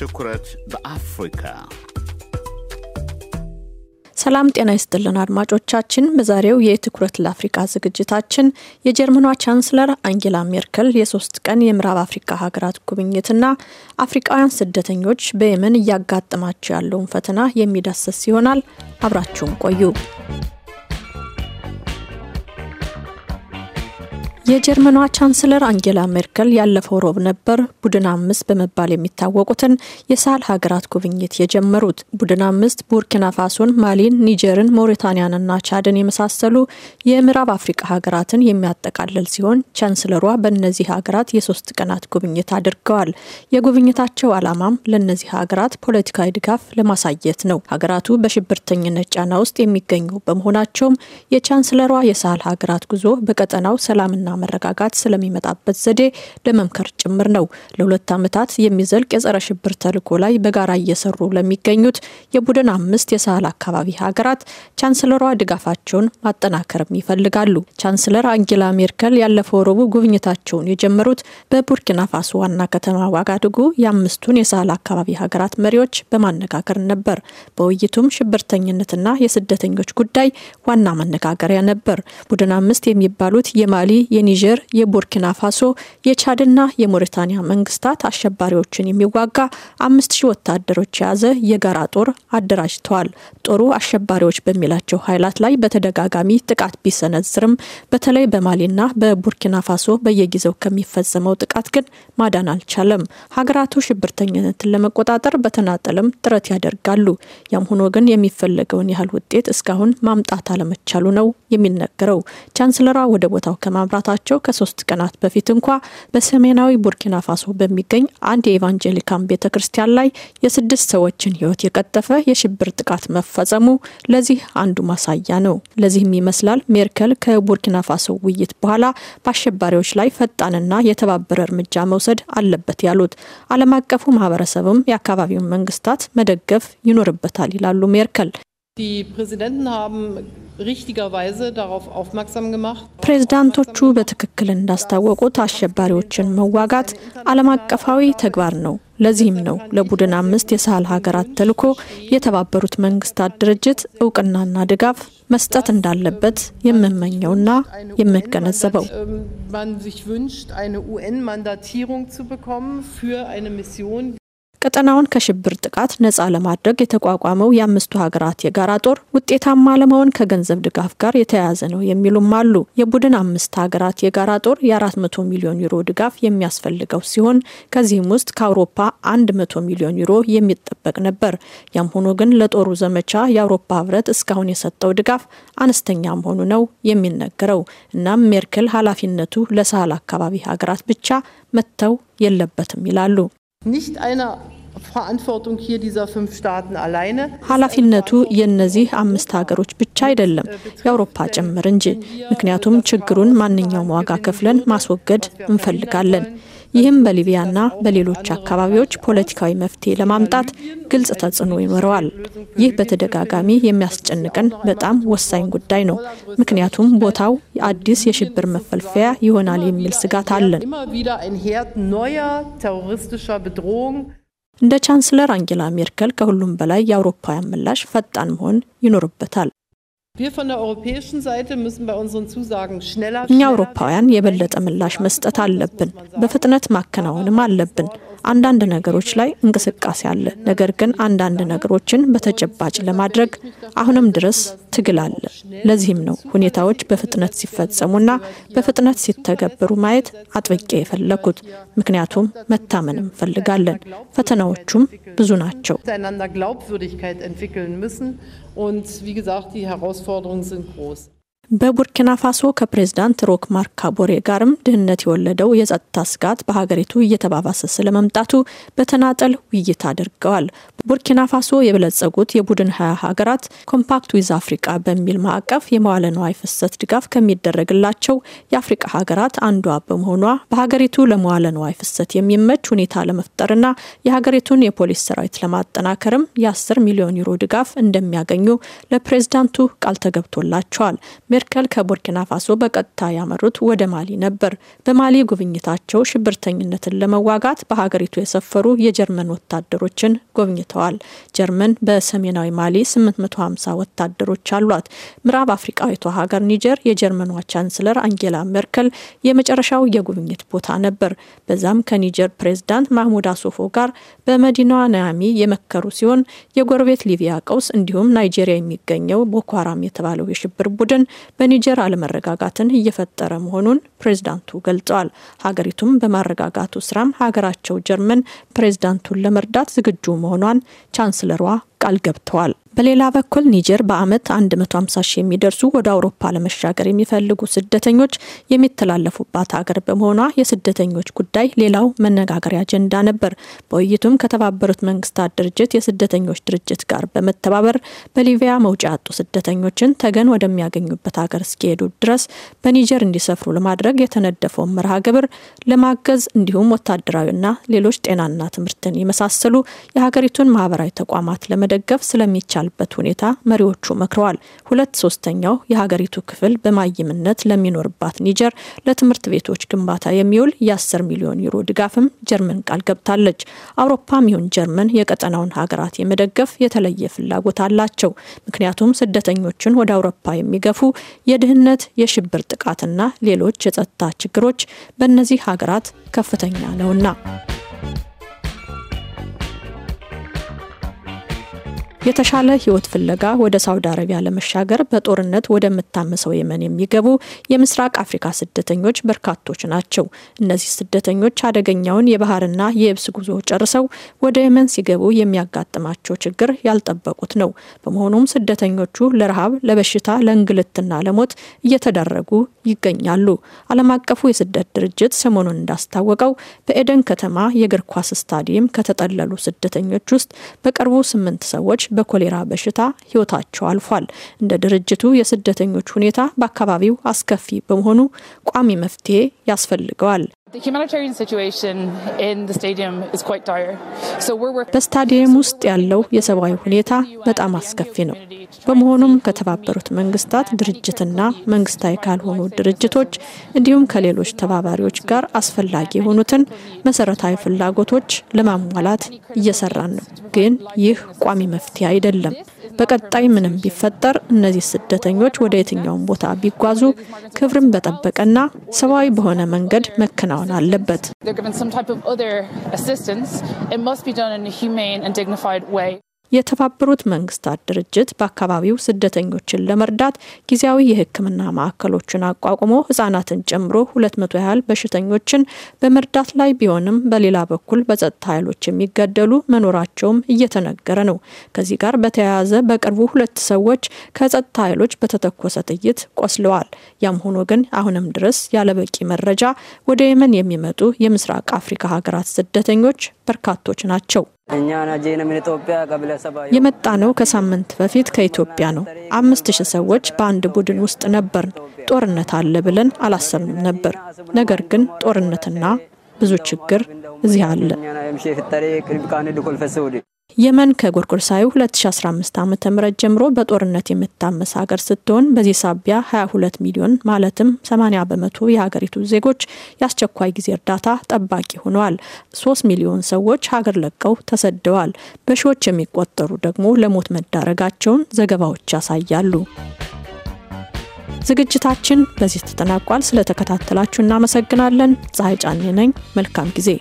ትኩረት በአፍሪካ ሰላም ጤና ይስጥልን አድማጮቻችን። በዛሬው የትኩረት ለአፍሪካ ዝግጅታችን የጀርመኗ ቻንስለር አንጌላ ሜርከል የሶስት ቀን የምዕራብ አፍሪካ ሀገራት ጉብኝትና አፍሪቃውያን ስደተኞች በየመን እያጋጠማቸው ያለውን ፈተና የሚዳሰስ ይሆናል። አብራችሁን ቆዩ። የጀርመኗ ቻንስለር አንጌላ ሜርከል ያለፈው ሮብ ነበር ቡድን አምስት በመባል የሚታወቁትን የሳህል ሀገራት ጉብኝት የጀመሩት። ቡድን አምስት ቡርኪና ፋሶን፣ ማሊን፣ ኒጀርን፣ ሞሪታንያንና ቻድን የመሳሰሉ የምዕራብ አፍሪቃ ሀገራትን የሚያጠቃልል ሲሆን ቻንስለሯ በእነዚህ ሀገራት የሶስት ቀናት ጉብኝት አድርገዋል። የጉብኝታቸው ዓላማም ለእነዚህ ሀገራት ፖለቲካዊ ድጋፍ ለማሳየት ነው። ሀገራቱ በሽብርተኝነት ጫና ውስጥ የሚገኙ በመሆናቸውም የቻንስለሯ የሳህል ሀገራት ጉዞ በቀጠናው ሰላምና መረጋጋት ስለሚመጣበት ዘዴ ለመምከር ጭምር ነው። ለሁለት ዓመታት የሚዘልቅ የጸረ ሽብር ተልዕኮ ላይ በጋራ እየሰሩ ለሚገኙት የቡድን አምስት የሳህል አካባቢ ሀገራት ቻንስለሯ ድጋፋቸውን ማጠናከርም ይፈልጋሉ። ቻንስለር አንጌላ ሜርከል ያለፈው ረቡዕ ጉብኝታቸውን የጀመሩት በቡርኪና ፋሶ ዋና ከተማ ዋጋድጉ የአምስቱን የሳህል አካባቢ ሀገራት መሪዎች በማነጋገር ነበር። በውይይቱም ሽብርተኝነትና የስደተኞች ጉዳይ ዋና መነጋገሪያ ነበር። ቡድን አምስት የሚባሉት የማሊ፣ የኒጀር፣ የቡርኪና ፋሶ፣ የቻድና የሞሪታኒያ መንግስታት አሸባሪዎችን የሚዋጋ አምስት ሺህ ወታደሮች የያዘ የጋራ ጦር አደራጅተዋል። ጦሩ አሸባሪዎች በሚላቸው ኃይላት ላይ በተደጋጋሚ ጥቃት ቢሰነዝርም በተለይ በማሊና በቡርኪና ፋሶ በየጊዜው ከሚፈጸመው ጥቃት ግን ማዳን አልቻለም። ሀገራቱ ሽብርተኝነትን ለመቆጣጠር በተናጠለም ጥረት ያደርጋሉ። ያም ሆኖ ግን የሚፈለገውን ያህል ውጤት እስካሁን ማምጣት አለመቻሉ ነው የሚነገረው። ቻንስለሯ ወደ ቦታው ከማምራታ ከመሆናቸው ከሶስት ቀናት በፊት እንኳ በሰሜናዊ ቡርኪና ፋሶ በሚገኝ አንድ የኤቫንጀሊካን ቤተ ክርስቲያን ላይ የስድስት ሰዎችን ህይወት የቀጠፈ የሽብር ጥቃት መፈጸሙ ለዚህ አንዱ ማሳያ ነው። ለዚህም ይመስላል ሜርከል ከቡርኪና ፋሶ ውይይት በኋላ በአሸባሪዎች ላይ ፈጣንና የተባበረ እርምጃ መውሰድ አለበት ያሉት። ዓለም አቀፉ ማህበረሰብም የአካባቢውን መንግስታት መደገፍ ይኖርበታል ይላሉ ሜርከል። ፕሬዝዳንቶቹ በትክክል እንዳስታወቁት አሸባሪዎችን መዋጋት ዓለም አቀፋዊ ተግባር ነው። ለዚህም ነው ለቡድን አምስት የሳህል ሀገራት ተልዕኮ የተባበሩት መንግስታት ድርጅት እውቅናና ድጋፍ መስጠት እንዳለበት የምመኘውና የምገነዘበው። ähm, ቀጠናውን ከሽብር ጥቃት ነፃ ለማድረግ የተቋቋመው የአምስቱ ሀገራት የጋራ ጦር ውጤታማ ለመሆን ከገንዘብ ድጋፍ ጋር የተያያዘ ነው የሚሉም አሉ። የቡድን አምስት ሀገራት የጋራ ጦር የ400 ሚሊዮን ዩሮ ድጋፍ የሚያስፈልገው ሲሆን ከዚህም ውስጥ ከአውሮፓ 100 ሚሊዮን ዩሮ የሚጠበቅ ነበር። ያም ሆኖ ግን ለጦሩ ዘመቻ የአውሮፓ ህብረት እስካሁን የሰጠው ድጋፍ አነስተኛ መሆኑ ነው የሚነገረው። እናም ሜርክል ኃላፊነቱ ለሳህል አካባቢ ሀገራት ብቻ መተው የለበትም ይላሉ። nicht einer ኃላፊነቱ የእነዚህ አምስት ሀገሮች ብቻ አይደለም፣ የአውሮፓ ጭምር እንጂ። ምክንያቱም ችግሩን ማንኛውም ዋጋ ከፍለን ማስወገድ እንፈልጋለን። ይህም በሊቢያና በሌሎች አካባቢዎች ፖለቲካዊ መፍትሄ ለማምጣት ግልጽ ተጽዕኖ ይኖረዋል። ይህ በተደጋጋሚ የሚያስጨንቀን በጣም ወሳኝ ጉዳይ ነው። ምክንያቱም ቦታው አዲስ የሽብር መፈልፈያ ይሆናል የሚል ስጋት አለን። እንደ ቻንስለር አንጌላ ሜርከል ከሁሉም በላይ የአውሮፓውያን ምላሽ ፈጣን መሆን ይኖርበታል። እኛ አውሮፓውያን የበለጠ ምላሽ መስጠት አለብን። በፍጥነት ማከናወንም አለብን። አንዳንድ ነገሮች ላይ እንቅስቃሴ አለ። ነገር ግን አንዳንድ ነገሮችን በተጨባጭ ለማድረግ አሁንም ድረስ ትግል አለ። ለዚህም ነው ሁኔታዎች በፍጥነት ሲፈጸሙና በፍጥነት ሲተገበሩ ማየት አጥብቄ የፈለጉት ምክንያቱም መታመን እንፈልጋለን። ፈተናዎቹም ብዙ ናቸው። Und wie gesagt, die Herausforderungen sind groß. በቡርኪና ፋሶ ከፕሬዝዳንት ሮክ ማርክ ካቦሬ ጋርም ድህነት የወለደው የጸጥታ ስጋት በሀገሪቱ እየተባባሰ ስለመምጣቱ በተናጠል ውይይት አድርገዋል። ቡርኪና ፋሶ የበለጸጉት የቡድን ሀያ ሀገራት ኮምፓክት ዊዝ አፍሪቃ በሚል ማዕቀፍ የመዋለ ንዋይ ፍሰት ድጋፍ ከሚደረግላቸው የአፍሪቃ ሀገራት አንዷ በመሆኗ በሀገሪቱ ለመዋለ ንዋይ ፍሰት የሚመች ሁኔታ ለመፍጠርና የሀገሪቱን የፖሊስ ሰራዊት ለማጠናከርም የ10 ሚሊዮን ዩሮ ድጋፍ እንደሚያገኙ ለፕሬዝዳንቱ ቃል ተገብቶላቸዋል። ሜርከል ከቡርኪና ፋሶ በቀጥታ ያመሩት ወደ ማሊ ነበር። በማሊ ጉብኝታቸው ሽብርተኝነትን ለመዋጋት በሀገሪቱ የሰፈሩ የጀርመን ወታደሮችን ጎብኝተዋል። ጀርመን በሰሜናዊ ማሊ 850 ወታደሮች አሏት። ምዕራብ አፍሪቃዊቷ ሀገር ኒጀር የጀርመኗ ቻንስለር አንጌላ ሜርከል የመጨረሻው የጉብኝት ቦታ ነበር። በዛም ከኒጀር ፕሬዝዳንት ማህሙድ አሶፎ ጋር በመዲናዋ ናያሚ የመከሩ ሲሆን የጎረቤት ሊቢያ ቀውስ እንዲሁም ናይጄሪያ የሚገኘው ቦኮ የተባለው የሽብር ቡድን በኒጀር አለመረጋጋትን እየፈጠረ መሆኑን ፕሬዝዳንቱ ገልጸዋል። ሀገሪቱም በማረጋጋቱ ስራም ሀገራቸው ጀርመን ፕሬዝዳንቱን ለመርዳት ዝግጁ መሆኗን ቻንስለሯ ቃል ገብተዋል። በሌላ በኩል ኒጀር በአመት 150 ሺህ የሚደርሱ ወደ አውሮፓ ለመሻገር የሚፈልጉ ስደተኞች የሚተላለፉባት ሀገር በመሆኗ የስደተኞች ጉዳይ ሌላው መነጋገሪያ አጀንዳ ነበር። በውይይቱም ከተባበሩት መንግስታት ድርጅት የስደተኞች ድርጅት ጋር በመተባበር በሊቢያ መውጫ ያጡ ስደተኞችን ተገን ወደሚያገኙበት ሀገር እስኪሄዱ ድረስ በኒጀር እንዲሰፍሩ ለማድረግ የተነደፈውን መርሃ ግብር ለማገዝ እንዲሁም ወታደራዊና ሌሎች ጤናና ትምህርትን የመሳሰሉ የሀገሪቱን ማህበራዊ ተቋማት ለመ መደገፍ ስለሚቻልበት ሁኔታ መሪዎቹ መክረዋል። ሁለት ሶስተኛው የሀገሪቱ ክፍል በማይምነት ለሚኖርባት ኒጀር ለትምህርት ቤቶች ግንባታ የሚውል የ10 ሚሊዮን ዩሮ ድጋፍም ጀርመን ቃል ገብታለች። አውሮፓም ይሁን ጀርመን የቀጠናውን ሀገራት የመደገፍ የተለየ ፍላጎት አላቸው። ምክንያቱም ስደተኞችን ወደ አውሮፓ የሚገፉ የድህነት፣ የሽብር ጥቃትና ሌሎች የጸጥታ ችግሮች በእነዚህ ሀገራት ከፍተኛ ነውና። የተሻለ ህይወት ፍለጋ ወደ ሳውዲ አረቢያ ለመሻገር በጦርነት ወደምታመሰው የመን የሚገቡ የምስራቅ አፍሪካ ስደተኞች በርካቶች ናቸው። እነዚህ ስደተኞች አደገኛውን የባህርና የየብስ ጉዞ ጨርሰው ወደ የመን ሲገቡ የሚያጋጥማቸው ችግር ያልጠበቁት ነው። በመሆኑም ስደተኞቹ ለረሃብ፣ ለበሽታ፣ ለእንግልትና ለሞት እየተዳረጉ ይገኛሉ። ዓለም አቀፉ የስደት ድርጅት ሰሞኑን እንዳስታወቀው በኤደን ከተማ የእግር ኳስ ስታዲየም ከተጠለሉ ስደተኞች ውስጥ በቅርቡ ስምንት ሰዎች በኮሌራ በሽታ ህይወታቸው አልፏል። እንደ ድርጅቱ የስደተኞች ሁኔታ በአካባቢው አስከፊ በመሆኑ ቋሚ መፍትሄ ያስፈልገዋል። በስታዲየም ውስጥ ያለው የሰብአዊ ሁኔታ በጣም አስከፊ ነው። በመሆኑም ከተባበሩት መንግስታት ድርጅትና መንግስታዊ ካልሆኑ ድርጅቶች እንዲሁም ከሌሎች ተባባሪዎች ጋር አስፈላጊ የሆኑትን መሰረታዊ ፍላጎቶች ለማሟላት እየሰራን ነው። ግን ይህ ቋሚ መፍትሄ አይደለም። በቀጣይ ምንም ቢፈጠር እነዚህ ስደተኞች ወደ የትኛውም ቦታ ቢጓዙ ክብርን በጠበቀና ሰብአዊ በሆነ መንገድ መከናወን አለበት። የተባበሩት መንግስታት ድርጅት በአካባቢው ስደተኞችን ለመርዳት ጊዜያዊ የሕክምና ማዕከሎችን አቋቁሞ ህጻናትን ጨምሮ ሁለት መቶ ያህል በሽተኞችን በመርዳት ላይ ቢሆንም በሌላ በኩል በጸጥታ ኃይሎች የሚገደሉ መኖራቸውም እየተነገረ ነው። ከዚህ ጋር በተያያዘ በቅርቡ ሁለት ሰዎች ከጸጥታ ኃይሎች በተተኮሰ ጥይት ቆስለዋል። ያም ሆኖ ግን አሁንም ድረስ ያለበቂ መረጃ ወደ የመን የሚመጡ የምስራቅ አፍሪካ ሀገራት ስደተኞች በርካቶች ናቸው። የመጣ ነው ከሳምንት በፊት ከኢትዮጵያ ነው። አምስት ሺህ ሰዎች በአንድ ቡድን ውስጥ ነበርን። ጦርነት አለ ብለን አላሰብንም ነበር። ነገር ግን ጦርነትና ብዙ ችግር እዚህ አለ። የመን ከጎርጎርሳዊ 2015 ዓ ም ጀምሮ በጦርነት የምታመስ ሀገር ስትሆን በዚህ ሳቢያ 22 ሚሊዮን ማለትም 80 በመቶ የሀገሪቱ ዜጎች የአስቸኳይ ጊዜ እርዳታ ጠባቂ ሆነዋል። 3 ሚሊዮን ሰዎች ሀገር ለቀው ተሰደዋል። በሺዎች የሚቆጠሩ ደግሞ ለሞት መዳረጋቸውን ዘገባዎች ያሳያሉ። ዝግጅታችን በዚህ ተጠናቋል። ስለተከታተላችሁ እናመሰግናለን። ፀሐይ ጫኔ ነኝ። መልካም ጊዜ